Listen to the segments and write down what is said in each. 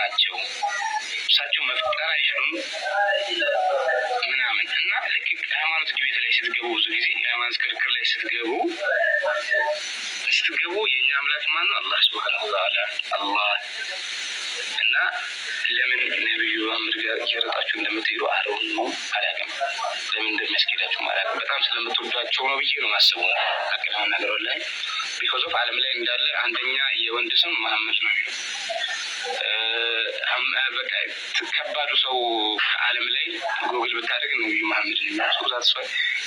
ናቸው፣ እሳቸው መፍጠር አይችሉም ምናምን እና ልክ ሃይማኖት ግቤት ላይ ስትገቡ ብዙ ጊዜ የሃይማኖት ክርክር ላይ ስትገቡ ስትገቡ የእኛ አምላክ ማነው? ነው? አላህ ስብሐነሁ ወተዓላ አላህ እና ለምን ነቢዩ አምድ ጋር እየረጣችሁ እንደምትሄዱ አረውን ነው አላውቅም። ለምን እንደሚያስኬዳችሁ አላውቅም። በጣም ስለምትወዷቸው ነው ብዬ ነው ማስበው። አቅለመናገሮ ላይ ቢኮዝ አለም ላይ እንዳለ አንደኛ የወንድ ስም መሐመድ ነው የሚለው በጣም በቃ ከባዱ ሰው ዓለም ላይ ጎግል ብታደርግ ነብዩ መሐመድን የሚያስቁ ዛት ሰ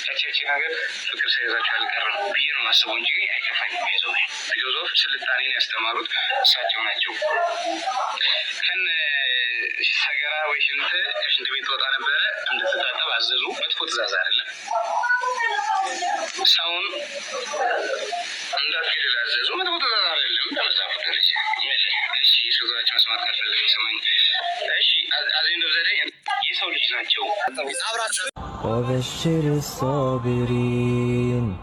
ያቺያቺ ነገር ፍቅር ሳይዛቸው አልቀረም ብዬ ነው ማስበው እንጂ አይከፋኝ። ይዘው ፊሎዞፍ ስልጣኔን ያስተማሩት እሳቸው ናቸው። ከነ ሰገራ ወይ ሽንት ከሽንት ቤት ወጣ ነበረ እንድትታጠብ አዘዙ። መጥፎ ትእዛዝ አይደለም። ሰውን እንዳትገድል አዘዙ። መጥፎ ትእዛዝ አይደለም። በመጽሐፉ ደረጃ وبشر الصابرين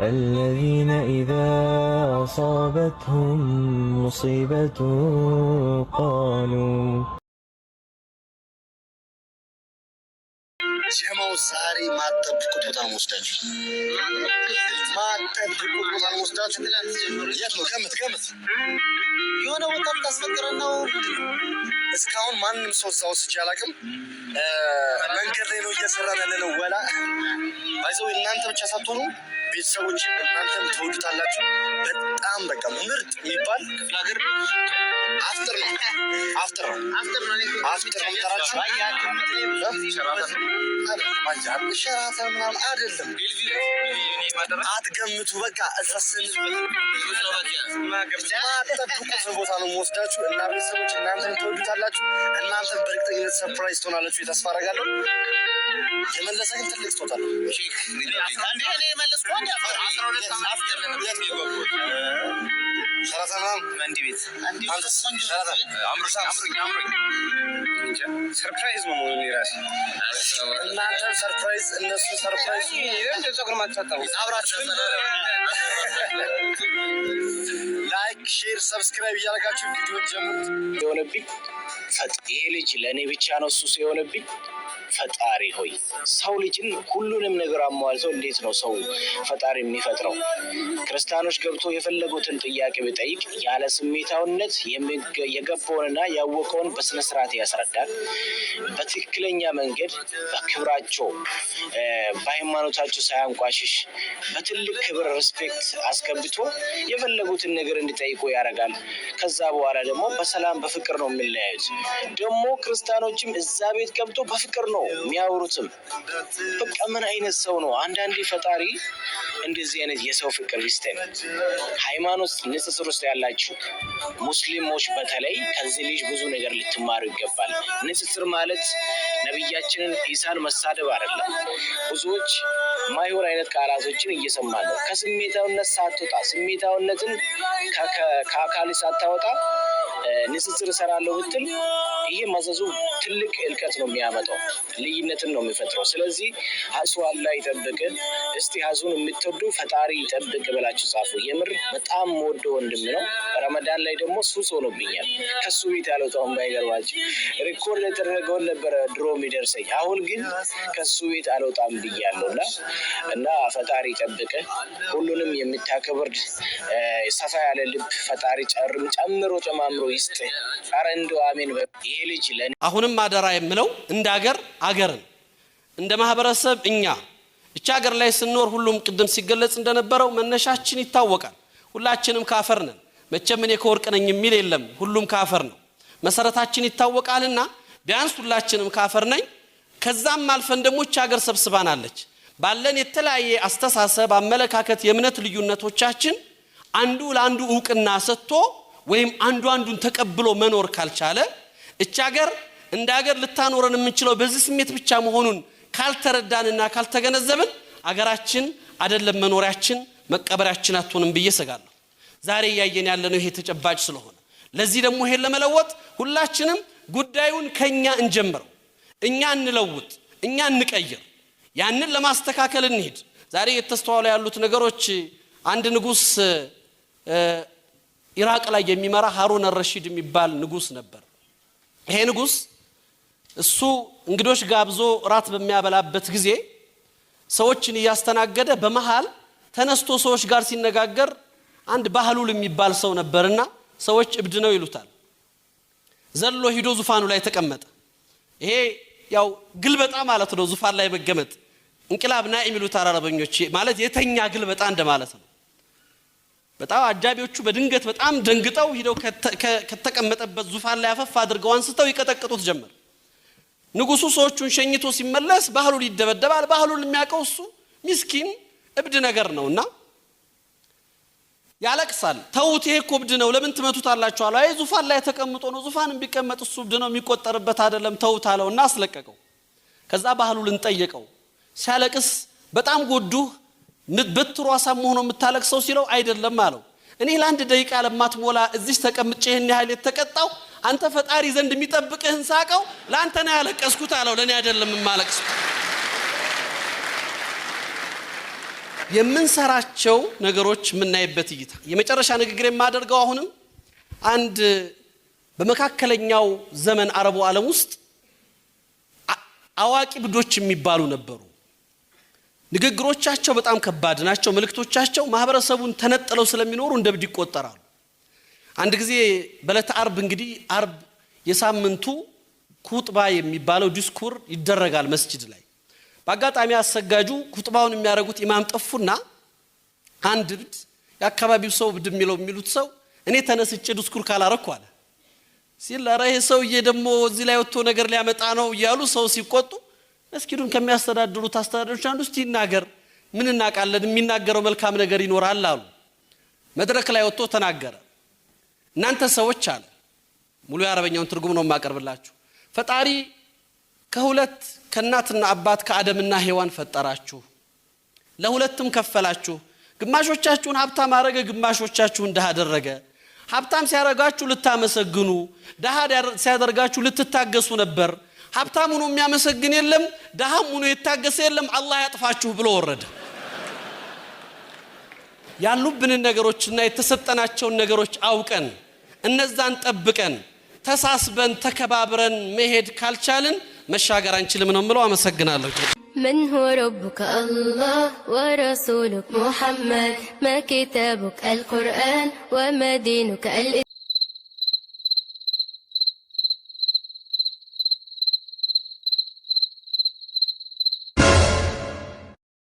الذين إذا أصابتهم مصيبة قالوا ጀማው ዛሬ ማጠብቁት ቦታ ወስዳችሁ ማጠብቁት ቦታ ወስዳችሁ የት ነው? ገምት ገምት አስፈቅረን ነው። እስካሁን ማንም ሰው እዛ ውስጥ አላውቅም። መንገድ ላይ ነው እየሰራን ያለ ነው። ወላ ባይዘው እናንተ ብቻ ሳትሆኑ ቤተሰቦች እናንተም ትወዱታላችሁ። በጣም በቃ ምርጥ የሚባል ክፍለ ሀገር አፍጥር አፍጥር የሚጠራችሁ ሸራተን ምናምን አይደለም፣ አትገምቱ። በቃ እረስን ማጠብቁትን ቦታ ነው የምወስዳችሁ እና ቤተሰቦች እናንተን ትወዱታላችሁ። እናንተ በእርግጠኝነት ሰርፕራይዝ ትሆናላችሁ። የተስፋ አደርጋለሁ። የመለሰ ግን ትልቅ ስጦታ ነው። ሰላሳ ምናምን አንድ ቤት ሰርፕራይዝ ነው መሆኑ የራሴ እናንተ ሰርፕራይዝ እነሱ ሰርፕራይዝ ጸጉር ማታጣቡ አብራችሁ ላይክ ሼር ሰብስክራይብ እያደረጋችሁ ቪዲዮን ጀምሩት። የሆነብኝ ይሄ ልጅ ለእኔ ብቻ ነው እሱ የሆነብኝ ፈጣሪ ሆይ ሰው ልጅን ሁሉንም ነገር አሟልቶ እንዴት ነው ሰው ፈጣሪ የሚፈጥረው? ክርስቲያኖች ገብቶ የፈለጉትን ጥያቄ ቢጠይቅ ያለ ስሜታውነት የገባውንና ያወቀውን በስነስርዓት ያስረዳል። በትክክለኛ መንገድ በክብራቸው በሃይማኖታቸው ሳያንቋሽሽ በትልቅ ክብር ሪስፔክት አስገብቶ የፈለጉትን ነገር እንዲጠይቁ ያደርጋል። ከዛ በኋላ ደግሞ በሰላም በፍቅር ነው የሚለያዩት። ደግሞ ክርስቲያኖችም እዛ ቤት ገብቶ በፍቅር ነው ነው የሚያወሩትም። በቃ ምን አይነት ሰው ነው? አንዳንዴ ፈጣሪ እንደዚህ አይነት የሰው ፍቅር ይስጠን። ሃይማኖት ንጽጽር ውስጥ ያላችሁ ሙስሊሞች በተለይ ከዚህ ልጅ ብዙ ነገር ልትማሩ ይገባል። ንጽጽር ማለት ነቢያችንን ኢሳን መሳደብ አይደለም። ብዙዎች ማይሆን አይነት ቃላቶችን እየሰማ ነው። ከስሜታዊነት ሳትወጣ ስሜታዊነትን ከአካል ሳታወጣ ንጽጽር እሰራለሁ ብትል ይህ መዘዙ ትልቅ እልቀት ነው የሚያመጣው፣ ልዩነትን ነው የሚፈጥረው። ስለዚህ ሀሱ አላ ይጠብቅ፣ እስቲ ሀዙን የምትወዱ ፈጣሪ ይጠብቅ ብላችሁ ጻፉ። የምር በጣም ወዶ ወንድም ነው። ረመዳን ላይ ደግሞ ሱስ ሆኖብኛል። ከሱ ቤት ያለው ሰው ሪኮርድ የተደረገውን ነበረ ድሮ የሚደርሰኝ። አሁን ግን ከሱ ቤት አልወጣም ብያለሁ እና እና ፈጣሪ ጠብቀ ሁሉንም የምታከብር ሰፋ ያለ ልብ ፈጣሪ ጨርም ጨምሮ ጨማምሮ ይስጥ። ኧረ እንደው አሜን። ይሄ ልጅ አሁንም አደራ የምለው እንደ አገር አገርን እንደ ማህበረሰብ እኛ እቺ ሀገር ላይ ስንኖር ሁሉም ቅድም ሲገለጽ እንደነበረው መነሻችን ይታወቃል። ሁላችንም ካፈር ነን። መቼም እኔ ከወርቅ ነኝ የሚል የለም። ሁሉም ካፈር ነው። መሰረታችን ይታወቃልና ቢያንስ ሁላችንም ካፈር ነኝ። ከዛም አልፈን ደግሞ እች ሀገር ሰብስባናለች። ባለን የተለያየ አስተሳሰብ፣ አመለካከት፣ የእምነት ልዩነቶቻችን አንዱ ለአንዱ እውቅና ሰጥቶ ወይም አንዱ አንዱን ተቀብሎ መኖር ካልቻለ እች ሀገር እንደ ሀገር ልታኖረን የምንችለው በዚህ ስሜት ብቻ መሆኑን ካልተረዳንና ካልተገነዘብን አገራችን አደለም መኖሪያችን መቀበሪያችን አትሆንም ብዬ ሰጋለሁ። ዛሬ እያየን ነው ይሄ ተጨባጭ ስለሆነ ለዚህ ደግሞ ይሄን ለመለወጥ ሁላችንም ጉዳዩን ከኛ እንጀምረው፣ እኛ እንለውጥ፣ እኛ እንቀይር፣ ያንን ለማስተካከል እንሂድ። ዛሬ የተስተዋሉ ያሉት ነገሮች አንድ ንጉስ ኢራቅ ላይ የሚመራ ሀሩን ረሺድ የሚባል ንጉስ ነበር። ይሄ ንጉስ እሱ እንግዶች ጋብዞ ራት በሚያበላበት ጊዜ ሰዎችን እያስተናገደ በመሃል ተነስቶ ሰዎች ጋር ሲነጋገር አንድ ባህሉል የሚባል ሰው ነበርና ሰዎች እብድ ነው ይሉታል። ዘሎ ሂዶ ዙፋኑ ላይ ተቀመጠ። ይሄ ያው ግልበጣ ማለት ነው፣ ዙፋን ላይ መገመጥ። እንቅላብ ናኢም ይሉታል አረበኞች፣ ማለት የተኛ ግልበጣ እንደማለት ነው። በጣም አጃቢዎቹ በድንገት በጣም ደንግጠው ሂደው ከተቀመጠበት ዙፋን ላይ አፈፍ አድርገው አንስተው ይቀጠቅጡት ጀመር። ንጉሱ ሰዎቹን ሸኝቶ ሲመለስ ባህሉል ይደበደባል። ባህሉል የሚያውቀው እሱ ሚስኪን እብድ ነገር ነውና ያለቅሳል። ተውት፣ ይሄ እኮ እብድ ነው፣ ለምን ትመቱታላችሁ አለው። አይ ዙፋን ላይ ተቀምጦ ነው፣ ዙፋን ቢቀመጥ እሱ እብድ ነው የሚቆጠርበት አይደለም፣ ተውት አለው እና አስለቀቀው። ከዛ ባህሉ ልንጠየቀው ሲያለቅስ በጣም ጎዱህ በትሩ አሳምሆ ነው የምታለቅሰው ሲለው አይደለም አለው። እኔ ለአንድ ደቂቃ ለማትሞላ እዚህ ተቀምጬ ይህን ያህል የተቀጣው አንተ ፈጣሪ ዘንድ የሚጠብቅህን ሳቀው ለአንተ ነው ያለቀስኩት አለው። ለእኔ አይደለም የማለቅስኩት የምንሰራቸው ነገሮች የምናይበት እይታ። የመጨረሻ ንግግር የማደርገው አሁንም አንድ በመካከለኛው ዘመን አረቡ ዓለም ውስጥ አዋቂ ብዶች የሚባሉ ነበሩ። ንግግሮቻቸው በጣም ከባድ ናቸው። መልእክቶቻቸው ማህበረሰቡን ተነጥለው ስለሚኖሩ እንደ ብድ ይቆጠራሉ። አንድ ጊዜ በዕለተ አርብ እንግዲህ አርብ የሳምንቱ ኩጥባ የሚባለው ዲስኩር ይደረጋል መስጅድ ላይ በአጋጣሚ አሰጋጁ ኩጥባውን የሚያደርጉት ኢማም ጠፉና አንድ ብድ የአካባቢው ሰው ብድ የሚለው የሚሉት ሰው እኔ ተነስቼ ድስኩር ካላረኩ አለ ሲል ኧረ ይሄ ሰውዬ ደግሞ እዚህ ላይ ወጥቶ ነገር ሊያመጣ ነው እያሉ ሰው ሲቆጡ መስጊዱን ከሚያስተዳድሩት አስተዳደሮች አንዱ እስቲ ይናገር ምን እናውቃለን የሚናገረው መልካም ነገር ይኖራል አሉ መድረክ ላይ ወጥቶ ተናገረ እናንተ ሰዎች አለ ሙሉ የአረበኛውን ትርጉም ነው የማቀርብላችሁ ፈጣሪ ከሁለት ከእናትና አባት ከአደምና ሔዋን ፈጠራችሁ፣ ለሁለትም ከፈላችሁ። ግማሾቻችሁን ሀብታም አረገ፣ ግማሾቻችሁን ድሃ አደረገ። ሀብታም ሲያደርጋችሁ ልታመሰግኑ፣ ድሃ ሲያደርጋችሁ ልትታገሱ ነበር። ሀብታም ሆኖ የሚያመሰግን የለም፣ ድሃም ሆኖ የታገሰ የለም። አላህ ያጥፋችሁ ብሎ ወረደ። ያሉብንን ነገሮችና የተሰጠናቸውን ነገሮች አውቀን እነዛን ጠብቀን ተሳስበን ተከባብረን መሄድ ካልቻልን መሻገር አንችልም ነው የምለው። አመሰግናለሁ። من هو ربك الله ورسولك محمد ما كتابك القرآن وما دينك